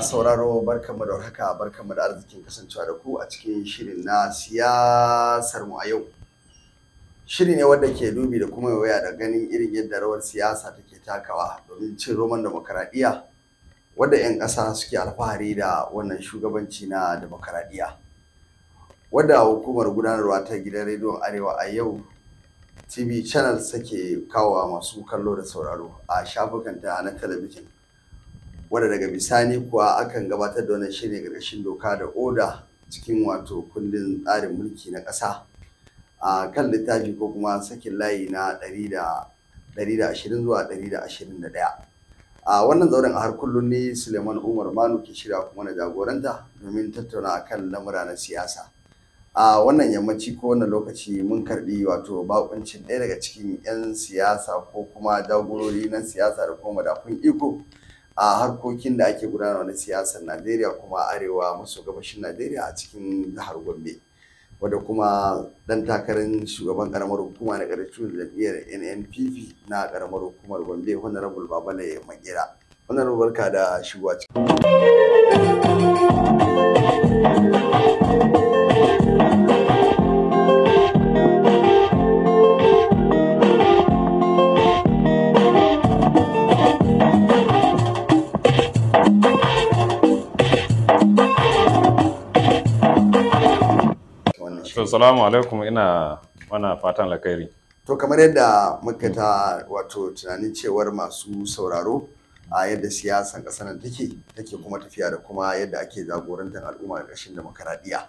sauraro barkanmu da haka barkanmu da arzikin kasancewa da ku a cikin shirin na siyasar mu a yau shiri ne wanda ke dubi da kuma waya da ganin irin yadda rawar siyasa take takawa domin cin roman demokaradiyya wanda 'yan ƙasa suke alfahari da wannan shugabanci na demokaradiyya wadda hukumar gudanarwa ta gidan rediyon arewa a yau tv channel sake kawowa masu kallo da sauraro a shafukanta na talabijin wadda daga bisani kuwa akan gabatar da wannan shirin gargashin doka da oda cikin wato kundin tsarin mulki na ƙasa a kan littafi ko kuma sakin layi na 120 zuwa 121 a wannan zauren a har kullum ne suleiman umar manu ke shirya kuma na jagoranta domin tattauna kan lamura na siyasa a wannan yammaci ko wannan lokaci mun karbi wato bakuncin ɗaya daga cikin 'yan siyasa ko kuma jagorori na siyasa da kuma madafun iko a harkokin da ake gudanarwa na siyasar najeriya kuma arewa maso gabashin najeriya a cikin jihar gombe wadda kuma dan takarar shugaban karamar hukuma na karshen jam'iyyar nnpp na karamar hukumar gombe honorable babala ya makera honorable barka da shigowa cikin To alaikum ina mana fatan alkhairi. To kamar yadda muka ta wato tunanin cewar masu sauraro a yadda siyasan ƙasar nan take take kuma tafiya da kuma yadda ake jagorantar al'umma ƙarshen demokaradiyya.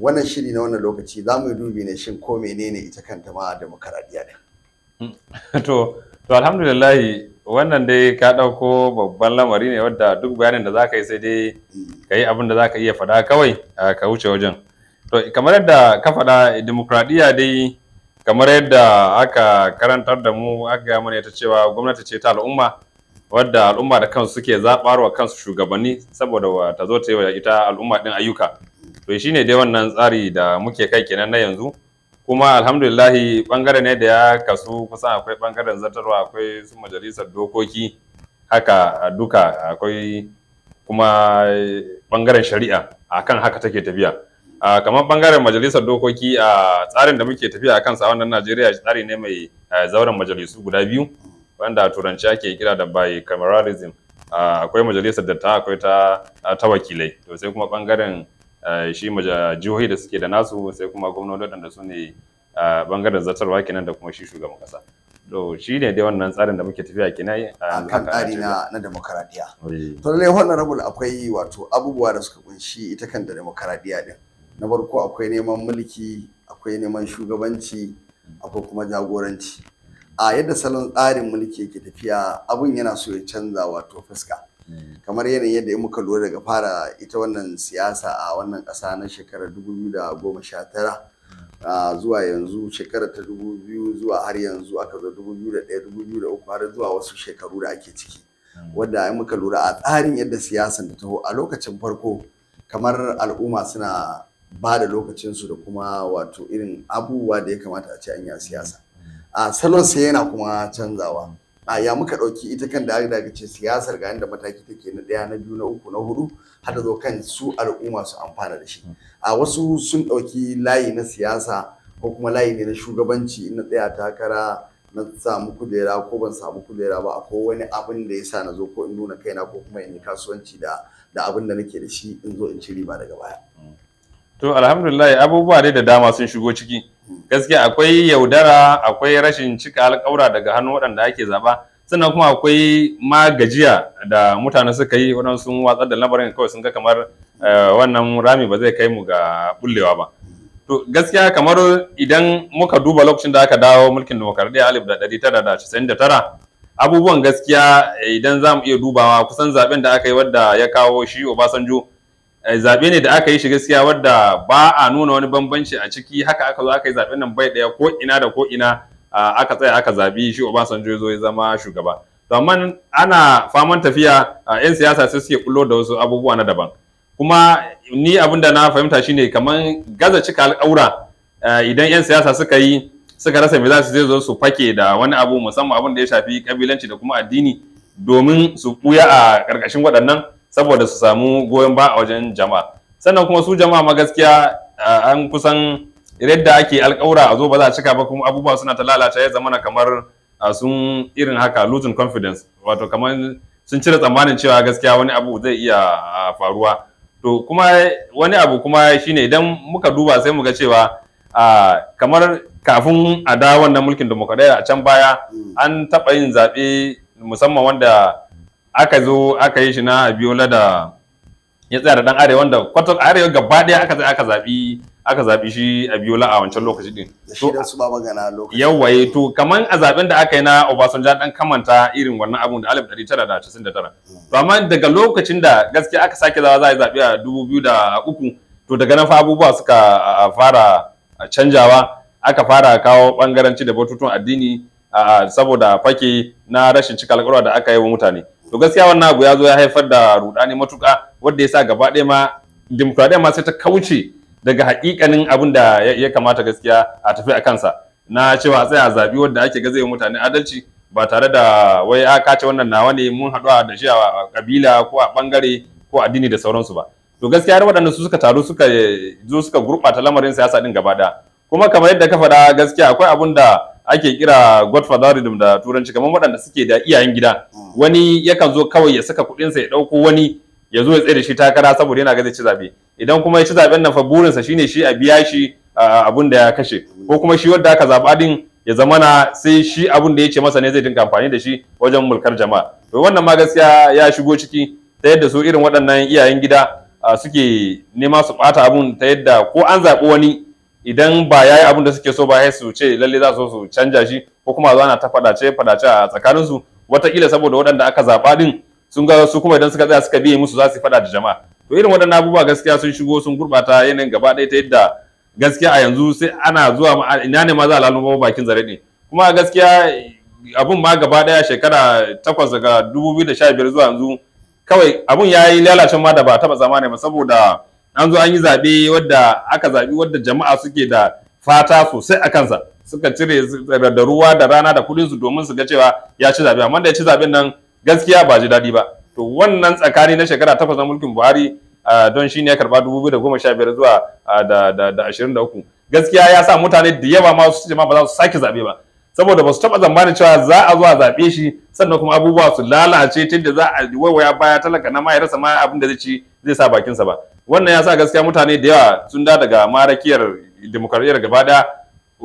Wannan shiri na wannan lokaci za mu yi dubi ne shin ko menene ita kanta ma demokaradiyya din. Hmm. To to alhamdulillah wannan dai ka ɗauko babban lamari ne wadda duk bayanin da za ka yi sai dai hmm. ka yi abin da za ka iya faɗa kawai ka wuce wajen. to kamar yadda ka faɗa demokradiyya dai kamar yadda aka karantar da mu aka gaya mana ita cewa gwamnati ce ta al'umma wadda al'umma da kansu suke zaɓarwa kansu shugabanni saboda ta zo ta yi wa ita al'umma ɗin ayyuka to shi ne dai wannan tsari da muke kai kenan na yanzu kuma alhamdulillahi bangare ne da ya kasu kusan akwai bangaren zartarwa akwai su majalisar dokoki haka duka akwai kuma bangaren shari'a akan haka take tafiya a kamar bangaren majalisar dokoki a tsarin da muke tafiya a kansa a wannan Najeriya tsari ne mai eh, zauren majalisu guda biyu wanda a turanci ake kira da bicameralism akwai majalisar da ta, akwai ta ta wakilai to sai kuma bangaren eh, shi jihohi da suke da nasu sai kuma gwamnati da su ne bangaren zartarwa kenan da kuma shi shugaban kasa to shi ne dai wannan tsarin da muke tafiya kenan a kan tsari na na demokradiya eh. to lallai wannan rabul akwai wato abubuwa da suka kunshi ita kan da demokradiya din na farko akwai neman mulki akwai neman shugabanci akwai kuma jagoranci a yadda salon tsarin mulki yake tafiya abun yana so ya canza wato fuska hmm. kamar yanayin yadda in muka lura daga fara ita wannan siyasa a wannan ƙasa na shekarar 2019 hmm. zuwa yanzu shekarar ta biyu zuwa har yanzu aka zo 2001 2003 har zuwa wasu shekaru da ake ciki hmm. wadda in muka lura a tsarin yadda siyasan ta taho a lokacin farko kamar al'umma suna ba da lokacinsu da kuma wato irin abubuwa da ya kamata a ce an yi siyasa a salon sai yana kuma canzawa a ya muka ɗauki ita kan da aka ce siyasar ga da mataki take na ɗaya na biyu na uku na hudu har da zo kan su al'umma su amfana da shi a wasu sun ɗauki layi na siyasa ko kuma layi ne na shugabanci na tsaya takara na samu kujera ko ban samu kujera ba Ko wani abin da ya sa na zo ko in nuna kaina ko kuma in yi kasuwanci da abin da nake da shi in zo in ci riba daga baya. to alhamdulillah abubuwa dai da dama sun shigo ciki gaskiya akwai yaudara akwai rashin cika alƙawura daga hannu waɗanda ake zaba sannan kuma akwai ma gajiya da mutane suka yi waɗansu sun watsar da lamarin kawai sun ga kamar eh, wannan rami ba zai kai mu ga bullewa ba to gaskiya kamar idan muka duba lokacin da aka dawo mulkin demokaradiyya alif da ɗari tara da casa'in da tara abubuwan gaskiya idan za mu iya dubawa kusan zaben da aka yi wadda ya kawo shi obasanjo Eh, zaɓe ne da aka yi shi gaskiya wadda ba a nuna wani bambanci a ciki haka aka zo aka yi zaɓen nan bai ɗaya ko ina da ko ina aka tsaya aka zaɓi shi Obasanjo ya zo ya zama shugaba. Zaman ana faman tafiya 'yan siyasa sai suke kullo da wasu abubuwa na daban. Kuma ni abin da na fahimta shine kamar gaza cika al'aura idan 'yan siyasa suka yi suka rasa me za su zai zo su fake da wani abu musamman abin da ya shafi kabilanci da kuma addini domin su buya a ƙarƙashin waɗannan saboda su samu goyon ba a wajen jama'a sannan kuma su jama'a ma gaskiya an kusan yadda ake alƙawura a zo ba za a cika ba kuma abubuwa suna ta lalata ya zamana kamar sun irin haka losing confidence wato kamar sun cire tsammanin cewa gaskiya wani abu zai iya faruwa to kuma wani abu kuma shine idan muka duba sai mu ga cewa kamar kafin a da wannan mulkin demokradiyya a can baya an taɓa yin zaɓe musamman wanda aka zo aka yi shi na abiola da ya tsaya da dan arewa wanda kwata arewa gaba daya aka aka zabi aka zabi shi abiola a wancan lokaci din to da su baba gana lokaci yawaye eh, to kaman a zaben da aka yi na Obasanjo dan kamanta irin wannan abun da 1999 hmm. to amma daga lokacin da gaskiya aka sake zawa za a yi zabi a 2003 to daga nan fa abubuwa suka fara canjawa aka fara kawo bangaranci da batutun addini saboda fake na rashin cika alƙawarin da aka yi wa mutane to gaskiya wannan abu ya zo ya haifar da rudani matuka wanda ya sa gaba ɗaya ma dimokuraɗiyya ma sai ta kauce daga hakikanin abin da ya kamata gaskiya a tafi a kansa na cewa a tsaya zaɓi wanda ake ga zai mutane adalci ba tare da wai a kace wannan nawa ne mun haɗu a shi a kabila ko a ɓangare ko addini da sauransu ba to gaskiya waɗanda su suka taru suka zo suka gurɓata lamarin siyasa ɗin gaba ɗaya kuma kamar yadda ka faɗa gaskiya akwai abun da ake kira godfatherism da turanci kamar waɗanda suke da iyayen gida hmm. wani yakan zo kawai ya saka kuɗinsa ya ɗauko wani ya zo ya tsaye da shi takara saboda yana ga ci zaɓe idan kuma ya ci zaɓen nan fa burinsa shine shi a biya shi abun da ya kashe ko kuma shi wanda aka zaɓa din ya zama zamana sai shi abun da ya ce masa ne zai dinga amfani da shi wajen mulkar jama'a to wannan ma gaskiya ya shigo ciki ta yadda su irin waɗannan iyayen gida suke nema su ɓata abun ta yadda ko an zaɓi wani idan ba yayi abin da suke so ba ya su ce lalle za su su canja shi ko kuma zo ana ta fadace fadace a tsakanin su wataƙila saboda waɗanda aka zaɓa din sun ga su kuma idan suka tsaya suka biye musu za su fada da jama'a to irin waɗannan abubuwa gaskiya sun shigo sun gurɓata yanayin gaba ɗaya ta yadda gaskiya a yanzu sai ana zuwa ina ne ma za a lalubo bakin zare ne kuma gaskiya abun ma gaba ɗaya shekara takwas daga dubu biyu da sha biyar zuwa yanzu kawai abun ya yi lalacin ma da ba taɓa zamani ba saboda an zo an yi zaɓe wadda aka zaɓi wadda jama'a suke da fata sosai a kansa suka cire da ruwa da rana da kudin su domin su ga cewa ya ci zaɓe amma da ya ci zaɓen nan gaskiya ba ji daɗi ba to wannan tsakani na shekara takwas na mulkin buhari don shi ne ya karɓa dubu biyu da goma sha biyar zuwa da ashirin da uku gaskiya ya sa mutane da yawa ma su jama'a ma ba za su sake zaɓe ba saboda ba su taɓa tsammanin cewa za a zo a zaɓe shi sannan kuma abubuwa su lalace tun da za a waiwaya baya talaka na ma ya rasa ma abin da zai ci zai sa bakinsa ba wannan ya sa gaskiya mutane da yawa sun da daga marakiyar demokaradiyyar gaba da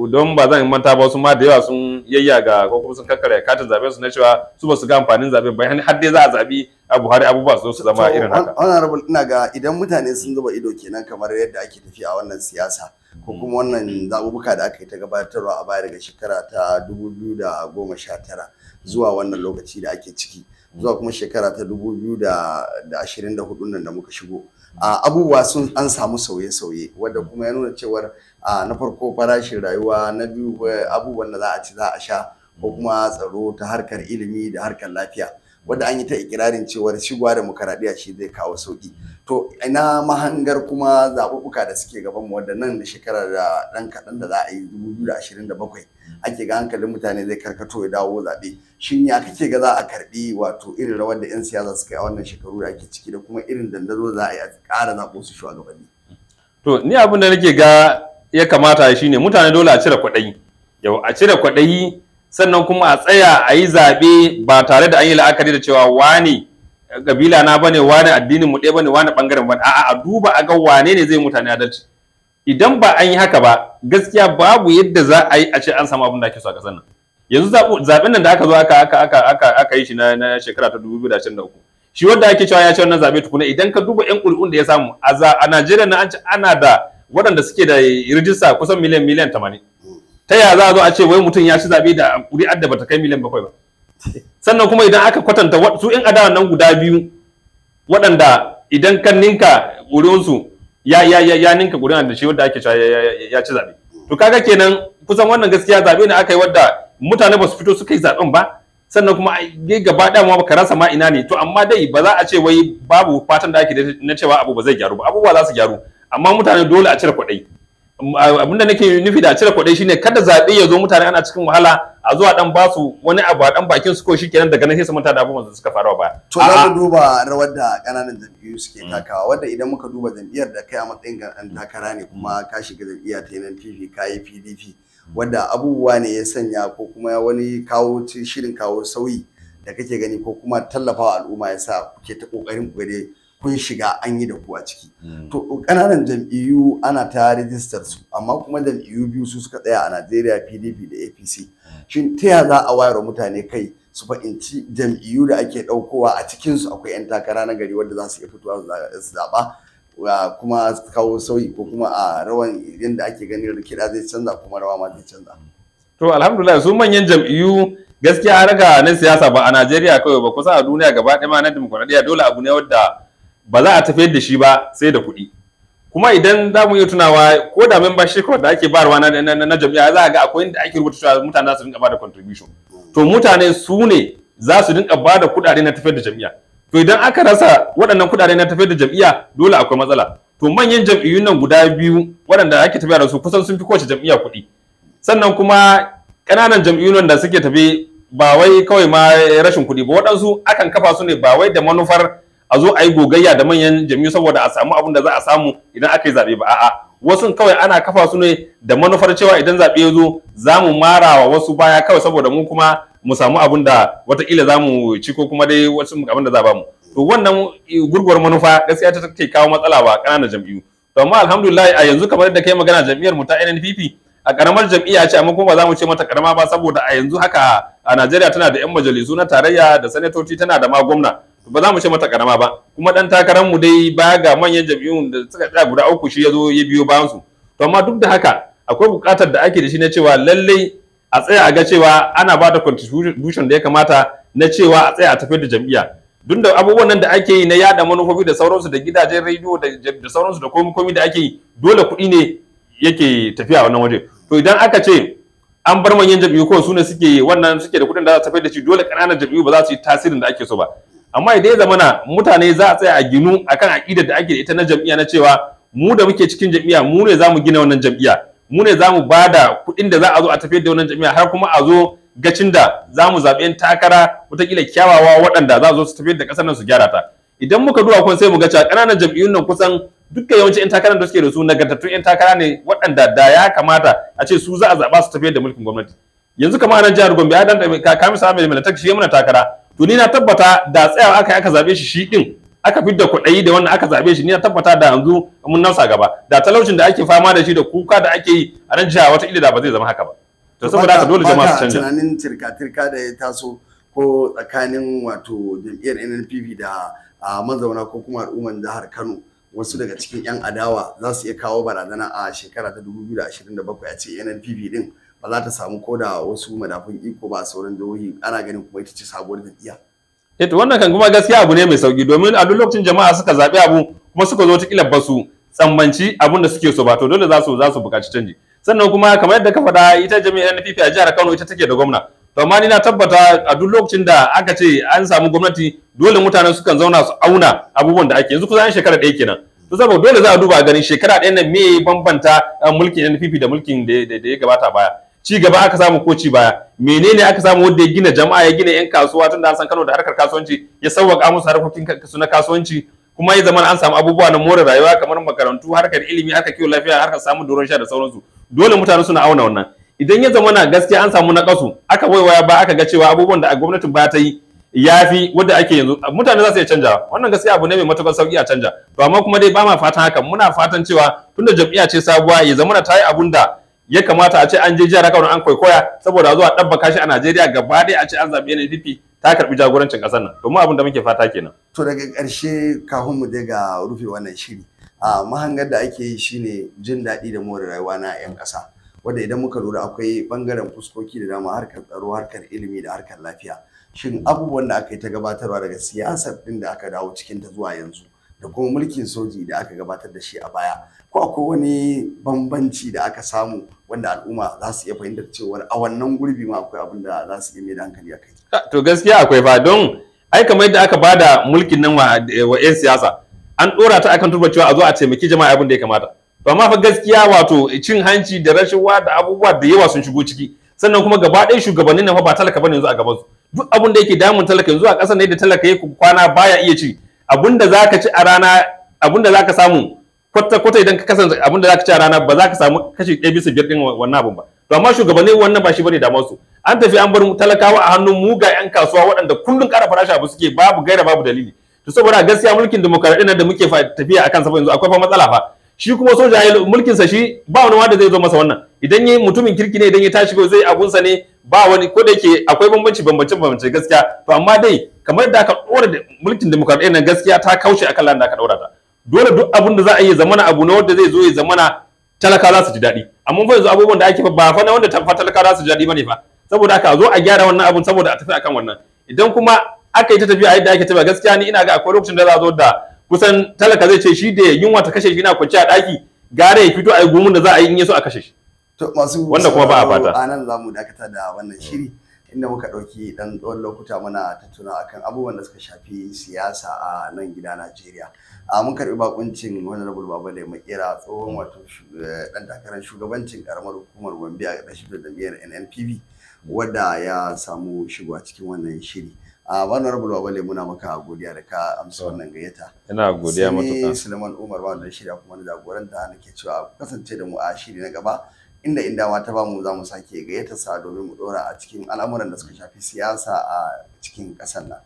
don ba zan manta ba su ma da yawa sun yayya ga ko kuma sun kakkare katin zaben su na cewa su ba su ga amfanin zabe ba har dai za a zabi a Buhari abubuwa su su zama irin haka honorable ina ga idan mutane sun zuba ido kenan kamar yadda ake tafiya a wannan siyasa ko hmm. kuma wannan zabubuka da aka yi ta gabatarwa a baya daga shekara ta 2019 zuwa wannan lokaci da ake ciki hmm. zuwa kuma shekara ta 2024 nan da muka shigo abubuwa sun an samu sauye-sauye wadda kuma ya nuna cewar na farko farashin rayuwa na biyu eh, abubuwan da za a ci za a sha ko kuma tsaro ta harkar ilimi da harkar lafiya wanda an yi ta ikirarin cewar shigowa demokaradiyya shi zai kawo sauki to ina mahangar kuma zaɓuɓɓuka da suke gaban mu wanda nan da shekarar da ɗan kaɗan da za a yi 2027 ake ga hankalin mutane zai karkato ya dawo zaɓe shin ya kake ga za a karɓi wato irin rawar da 'yan siyasa suka yi a wannan shekaru da ake ciki da kuma irin dandano za a yi a ƙara zaɓo su shugabanni. to ni abin da nake ga ya kamata shine mutane dole a cire kwaɗayi yau a cire kwaɗayi sannan kuma a tsaya a yi zaɓe ba tare da an yi la'akari da cewa wani ƙabila na bane wani addinin mu ɗaya bane wani ɓangaren bane a'a a duba a ga wane ne zai mutane adalci idan ba an yi haka ba gaskiya babu yadda za a yi a ce an samu abin da ake so a ƙasar nan yanzu zaɓen nan da aka zo aka aka aka aka aka yi shi na na shekara ta uku, shi wanda ake cewa ya ce wannan zaɓe tukuna idan ka duba yan ƙuri'un da ya samu a Najeriya na an ce ana da waɗanda suke da rijista kusan miliyan miliyan tamanin ta yaya za a zo a ce wai mutum ya ci zabe da ƙuri'ar da bata kai miliyan bakwai ba sannan kuma idan aka kwatanta su in adawa nan guda biyu waɗanda idan kan ninka ƙuri'unsu ya ya ya ya ninka ƙuri'ar da shi wanda ake cewa ya ci zabe to kaga kenan kusan wannan gaskiya zabe ne aka yi wadda mutane ba su fito suka yi zaben ba sannan kuma ai gaba daya ma baka rasa ma ina ne to amma dai ba za a ce wai babu fatan da ake na cewa abu ba zai gyaru ba abubuwa za su gyaru amma mutane dole a cire kwaɗayi abinda nake nufi da cire kuɗi shine kada zaɓe ya zo mutane ana cikin wahala a zuwa dan basu su wani abu a dan bakin su ko shikenan daga nan sai su manta da abubuwan da suka faru ba to za mu duba rawar da kananan jam'iyyu suke mm. takawa wanda idan muka duba jam'iyyar da kai a matsayin ɗan takara ne kuma ka shiga jam'iyya ta nan ka yi PDP mm. wanda abubuwa ne ya sanya ko kuma wani kawo shirin kawo sauyi da kake gani ko kuma tallafawa al'umma ya sa kuke ta kokarin ku kun shiga an yi da ku a ciki mm. to ƙananan jam'iyyu ana ta rijistar su amma kuma jam'iyyu biyu su suka tsaya a Najeriya PDP da APC mm. shin ta ya za a wayar mutane kai su fahimci jam'iyyu da ake ɗaukowa a cikin su akwai 'yan takara na gari wanda za su iya fitowa su zaba? kuma kawo sauyi ko kuma a rawan yadda ake ganin rikida zai canza kuma rawa ma zai canza. Mm. to alhamdulillah su manyan jam'iyyu gaskiya raga na siyasa ba a Najeriya kawai ba kusa a duniya gaba ɗaya ma na dimokuraɗiyya dole abu ne wadda ba za a tafiyar da shi ba sai da kuɗi kuma idan za mu iya tunawa ko da membership da ake bayarwa na, na, na, jami'a za a ga akwai inda ake rubuta cewa mutane za su dinga bada contribution to mutane su ne za su dinga bada kuɗaɗe na tafiyar da jami'a to idan aka rasa waɗannan kuɗaɗe na tafiyar da jami'a dole akwai matsala to manyan jam'iyyun nan guda biyu waɗanda ake tafiya da su kusan sun fi kowace jam'iyya kuɗi sannan kuma ƙananan jam'iyyun da suke tafi ba wai kawai ma rashin kuɗi ba waɗansu akan kafa su ne ba wai da manufar a zo a yi gogayya da manyan jami'u saboda a samu abin da za a samu idan aka yi zaɓe ba a'a wasu kawai ana kafa su ne da manufar cewa idan zaɓe ya zo za mu wa wasu baya kawai saboda mu kuma mu samu abin da watakila za mu ci ko kuma dai wasu abin da za ba mu to wannan gurguwar manufa gaskiya ta take kawo matsala ba ƙananan jam'iyyu to amma alhamdulillah a yanzu kamar yadda kai magana jam'iyyar mu ta NNPP a karamar jam'iyya ce amma kuma ba za mu ce mata karama ba saboda a yanzu haka a Najeriya tana da 'yan majalisu na tarayya da sanatoci tana da ma gwamna ba za mu ce mata karama ba kuma dan takarar mu dai baya ga manyan jami'un da suka tsaya guda uku shi ya zo ya biyo bayan su to amma duk da haka akwai buƙatar da ake da shi na cewa lallai a tsaya a ga cewa ana ba da contribution da ya kamata na cewa a tsaya a tafi da jam'iyya duk da abubuwan nan da ake yi na yada manufofi da sauransu da gidajen rediyo da sauransu da komi komi da ake yi dole kuɗi ne yake tafiya a wannan waje to idan aka ce an bar manyan jam'iyyu ko su ne suke wannan suke da kuɗin da za su tafi da shi dole ƙananan jam'iyyu ba za su yi tasirin da ake so ba amma idan ya zamana mutane za a tsaya a ginu akan aƙidar da ake da ita na jam'iyya na cewa mu da muke cikin jam'iyya mu ne za mu gina wannan jam'iyya mu ne za mu ba da kuɗin da za a zo a tafiyar da wannan jam'iyya har kuma a zo gacin da za mu zaɓi yan takara wataƙila kyawawa waɗanda za a zo su tafiyar da ƙasar nan su gyara ta idan muka duba kun sai mu ga cewa ƙananan jam'iyyun nan kusan dukkan yawanci yan takarar da suke da su nagartattun yan takara ne waɗanda da ya kamata a ce su za a zaɓa su tafiyar da mulkin gwamnati yanzu kamar nan jihar Gombe ya dan ka kamisa mai shi ya muna takara to ni na tabbata da tsayawa aka aka zabe shi shi din aka fidda kuɗayi da wannan aka zabe shi ni na tabbata da yanzu mun nausa gaba da talaucin da ake fama da shi da kuka da ake yi a nan jiha wata da ba zai zama haka ba to saboda haka dole jama'a su canja tunanin tirka tirka da ya taso ko tsakanin wato jam'iyyar NNPP da mazauna ko kuma al'umman jihar Kano wasu daga cikin 'yan adawa za su iya kawo barazana a shekara ta 2027 a ce NNPP din ba za ta samu koda da wasu madafun iko ba sauran jihohi ana ganin kuma ita ce sabuwar jam'iyya. Eto eh, wannan kan kuma gaskiya abu ne mai sauki domin a duk lokacin jama'a suka zaɓi abu kuma suka zo ta ba su tsammanci abin da suke so ba to dole za su za su buƙaci canji. Sannan kuma kamar yadda ka faɗa ita jami'ar NPP a jihar Kano ita take da gwamna. To amma ni na tabbata a duk lokacin da aka ce an samu gwamnati dole mutanen sukan zauna su auna abubuwan da ake yanzu an shekara ɗaya kenan. to saboda dole za a duba ganin shekara ɗaya nan me bambanta eh, mulkin NPP da mulkin da ya gabata baya ci gaba aka samu ko ci baya menene aka samu wanda ya gina jama'a ya gina yan kasuwa tunda an san Kano da harkar kasuwanci ya sauwaka musu harkokin su na kasuwanci kuma ya zama an samu abubuwa na more rayuwa kamar makarantu harkar ilimi harkar kiwon lafiya harkar samun doron sha da sauransu dole mutane suna auna wannan idan ya zama na gaskiya an samu na kasu aka waiwaya ba aka ga cewa abubuwan da gwamnatin ba ta yi yafi wanda ake yanzu mutane za su iya canja wannan gaskiya abu ne mai matukar sauki a canja to amma kuma dai ba ma fatan haka muna fatan cewa tunda jam'iyya ce sabuwa ya zama ta yi abun da ya kamata a ce an je jihar Kano an kwaikwaya saboda zuwa dabba shi a Najeriya gaba ɗaya a ce an zabi NPP ta karbi jagorancin ƙasar nan domin abin da muke fata kenan to daga ƙarshe kafin mu daga rufe wannan shiri a mahangar da ake yi shine jin daɗi da more rayuwa na 'yan ƙasa wanda idan muka lura akwai bangaren fuskoki da dama harkar tsaro harkar ilimi da harkar lafiya shin abubuwan da aka yi ta gabatarwa daga siyasar ɗin da aka dawo cikin ta zuwa yanzu da kuma mulkin soji da aka gabatar da shi a baya ko akwai wani bambanci da aka samu wanda al'umma za su iya fahimtar cewar a wannan gurbi ma akwai abin da za su iya mai hankali a kai ah, to gaskiya akwai fa don ai kamar yadda aka bada mulkin nan wa 'yan siyasa an dora ta akan turba cewa a zo a taimaki jama'a abin da ya kamata to amma fa gaskiya wato cin hanci da rashawa da abubuwa da yawa sun shigo ciki sannan kuma gaba ɗaya shugabannin nan fa ba talaka bane yanzu a gabansu? duk abin da yake damun talaka yanzu a ƙasar ne da talaka yake kwana baya iya ci abinda zaka ci a rana abinda zaka samu kwata kwata idan ka kasance abinda zaka ci a rana ba za ka samu kashi ɗaya bisa biyar ɗin wannan abin ba to amma shugabanni wannan ba shi bane damar su an tafi an bar talakawa a hannun muga yan kasuwa waɗanda kullun ƙara farashi abu suke babu gaira babu dalili to saboda gaskiya mulkin demokaradiyya nan da muke tafiya akan saboda yanzu akwai fa matsala fa shi kuma soja ya mulkin sa shi ba wani wanda zai zo masa wannan idan yayi mutumin kirki ne idan ya tashi ko zai abunsa ne ba wani ko da yake akwai bambanci bambance bambance gaskiya to amma dai kamar da aka dora da mulkin demokradiyya nan gaskiya ta kaushe akan lan da aka dora ta dole duk abin da za a yi zamana abu na wanda zai zo ya zamana talaka za su ji daɗi amma fa yanzu abubuwan da ake ba fa na wanda fa talaka za su ji daɗi bane fa saboda haka zo a gyara wannan abun saboda a tafi akan wannan idan kuma aka yi ta tafiya a yadda ake tafiya gaskiya ni ina ga akwai lokacin da za zo da kusan talaka zai ce shi da yunwa ta kashe shi na kwanciya a ɗaki gare ya fito a yi gumin da za a yi in yaso a kashe shi wanda kuma ba a fata anan nan za mu dakata da wannan shiri inda muka ɗauki ɗan tsawon lokuta muna tattuna akan abubuwan da suka shafi siyasa a nan gida Najeriya. A mun karɓi bakuncin Honorable Babale kira tsohon wato eh, ɗan takarar shugabancin ƙaramar hukumar Gombe a da jam'iyyar NNPP wadda ya samu a cikin wannan shiri. A Honorable Babale muna maka godiya da ka amsa wannan gayyata. Ina godiya matuƙa. Sai Suleiman Umar wannan shirya kuma na jagoranta nake cewa kasance da mu a shiri na gaba. inda ma ta bamu zamu sake gayyata sa domin mu dora a cikin al'amuran da suka shafi siyasa a cikin ƙasar nan